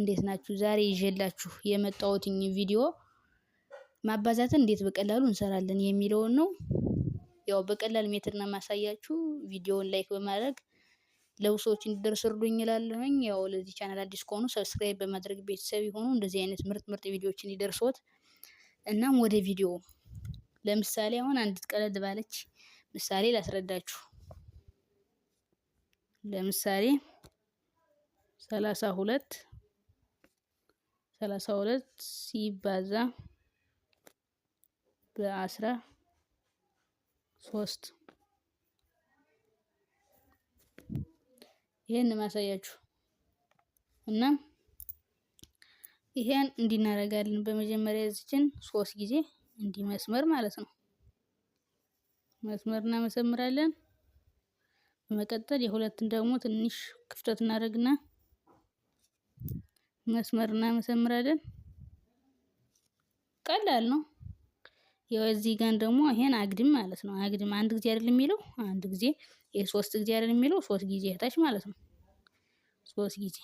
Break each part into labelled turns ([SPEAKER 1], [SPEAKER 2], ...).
[SPEAKER 1] እንዴት ናችሁ? ዛሬ ይዤላችሁ የመጣሁትኝ ቪዲዮ ማባዛትን እንዴት በቀላሉ እንሰራለን የሚለውን ነው። ያው በቀላል ሜትር ነው የማሳያችሁ። ቪዲዮውን ላይክ በማድረግ ለብዙ ሰዎች እንዲደርስ እርዱኝ እላለሁኝ። ያው ለዚህ ቻናል አዲስ ከሆኑ ሰብስክራይብ በማድረግ ቤተሰብ የሆኑ እንደዚህ አይነት ምርጥ ምርጥ ቪዲዮዎች እንዲደርሶት። እናም ወደ ቪዲዮ ለምሳሌ አሁን አንዲት ቀለል ባለች ምሳሌ ላስረዳችሁ። ለምሳሌ ሰላሳ ሁለት ሰላሳ ሁለት ሲባዛ በአስራ ሶስት ይሄን ማሳያችሁ እና ይሄን እንዲናረጋለን በመጀመሪያ እዚችን ሶስት ጊዜ እንዲህ መስመር ማለት ነው መስመር እናመሰምራለን። በመቀጠል የሁለትን ደግሞ ትንሽ ክፍተት እናደርግና መስመር እናመሰምራለን። ቀላል ነው። ያው እዚህ ጋር ደግሞ ይሄን አግድም ማለት ነው። አግድም አንድ ጊዜ አይደል የሚለው አንድ ጊዜ የሶስት ጊዜ አይደል የሚለው ሶስት ጊዜ ታች ማለት ነው። ሶስት ጊዜ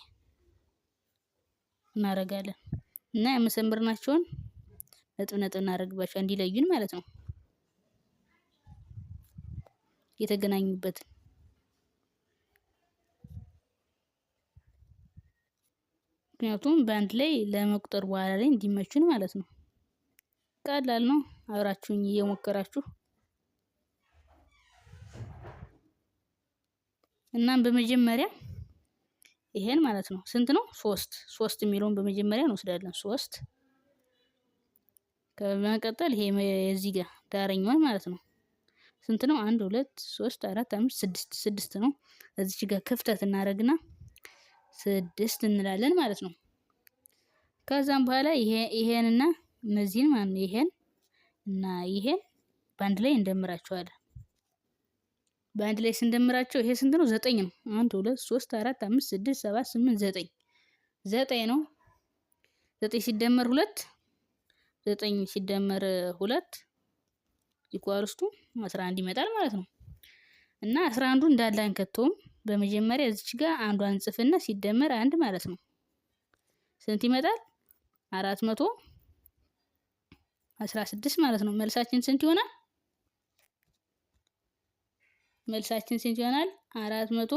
[SPEAKER 1] እናረጋለን እና ያመሰምርናቸውን ነጥብ ነጥብ እናደርግባቸው እንዲለዩን ማለት ነው የተገናኙበትን ምክንያቱም በአንድ ላይ ለመቁጠር በኋላ ላይ እንዲመቹን ማለት ነው። ቀላል ነው። አብራችሁኝ እየሞከራችሁ እናም በመጀመሪያ ይሄን ማለት ነው ስንት ነው? ሶስት ሶስት የሚለውን በመጀመሪያ እንወስዳለን። ሶስት ከመቀጠል ይሄ የዚህ ጋር ዳረኛዋን ማለት ነው ስንት ነው? አንድ ሁለት ሶስት አራት አምስት ስድስት ስድስት ነው። እዚች ጋር ክፍተት እናደርግና ስድስት እንላለን ማለት ነው። ከዛም በኋላ ይሄንና እነዚህን ማለት ነው ይሄን እና ይሄን በአንድ ላይ እንደምራቸዋለን። በአንድ ላይ ስንደምራቸው ይሄ ስንት ነው? ዘጠኝ ነው። አንድ ሁለት ሶስት አራት አምስት ስድስት ሰባት ስምንት ዘጠኝ ዘጠኝ ነው። ዘጠኝ ሲደመር ሁለት ዘጠኝ ሲደመር ሁለት ኢኳል አስራ አንድ ይመጣል ማለት ነው። እና አስራ አንዱ እንዳለ አንከተውም። በመጀመሪያ እዚች ጋር አንዷን ጽፍና ሲደመር አንድ ማለት ነው። ስንት ይመጣል? አራት መቶ አስራ ስድስት ማለት ነው። መልሳችን ስንት ይሆናል? መልሳችን ስንት ይሆናል? አራት መቶ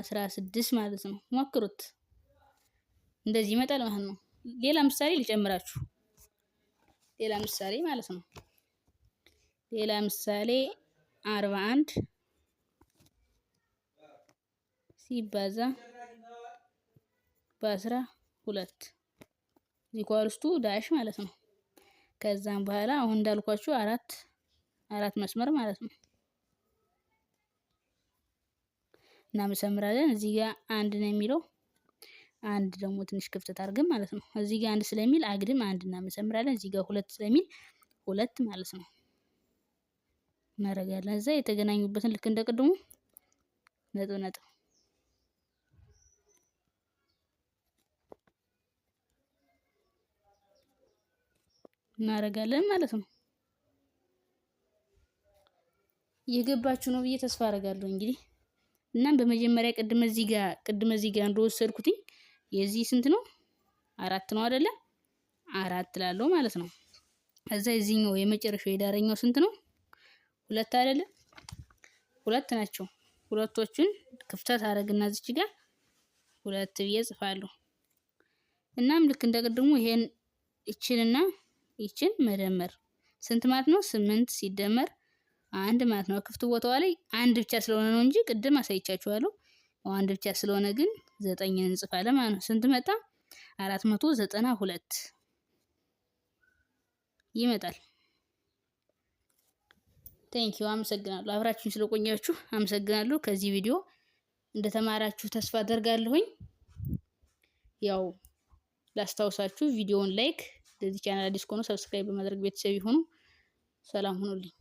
[SPEAKER 1] አስራ ስድስት ማለት ነው። ሞክሩት። እንደዚህ ይመጣል ማለት ነው። ሌላ ምሳሌ ልጨምራችሁ። ሌላ ምሳሌ ማለት ነው። ሌላ ምሳሌ አርባ አንድ ሲባዛ በአስራ ሁለት ዚኳርስቱ ዳሽ ማለት ነው። ከዛም በኋላ አሁን እንዳልኳችሁ አራት አራት መስመር ማለት ነው እናመሰምራለን። እዚህ ጋር አንድ ነው የሚለው አንድ ደግሞ ትንሽ ክፍተት አድርገን ማለት ነው። እዚህ ጋር አንድ ስለሚል አግድም አንድ እናመሰምራለን። እዚህ ጋር ሁለት ስለሚል ሁለት ማለት ነው እናደርጋለን። እዛ የተገናኙበትን ልክ እንደቅድሙ ነጥብ ነጥብ እናደርጋለን ማለት ነው። የገባችሁ ነው ብዬ ተስፋ አደርጋለሁ። እንግዲህ እናም በመጀመሪያ ቅድመ እዚህ ጋር ቅድመ እዚህ ጋር እንደወሰድኩትኝ የዚህ ስንት ነው? አራት ነው አይደለ? አራት ላለው ማለት ነው። ከዛ የዚህኛው የመጨረሻው የዳረኛው ስንት ነው? ሁለት አይደለ? ሁለት ናቸው። ሁለቶቹን ክፍተት አረግና እዚች ጋር ሁለት ብዬ ጽፋለሁ። እናም ልክ እንደ ቅድሙ ይሄን ይችልና ይችን መደመር ስንት ማለት ነው? ስምንት ሲደመር አንድ ማለት ነው። ክፍት ቦታዋ ላይ አንድ ብቻ ስለሆነ ነው እንጂ ቅድም አሳይቻችኋለሁ። አንድ ብቻ ስለሆነ ግን ዘጠኝን እንጽፋለን ማለት ነው። ስንት መጣ? አራት መቶ ዘጠና ሁለት ይመጣል። ቴንኪው አመሰግናለሁ። አብራችሁን ስለቆኛችሁ አመሰግናለሁ። ከዚህ ቪዲዮ እንደተማራችሁ ተስፋ አደርጋለሁኝ። ያው ላስታውሳችሁ ቪዲዮውን ላይክ ለዚህ ቻናል አዲስ ከሆኑ ሰብስክራይብ በማድረግ ቤተሰብ ይሁኑ። ሰላም ሁኑልኝ።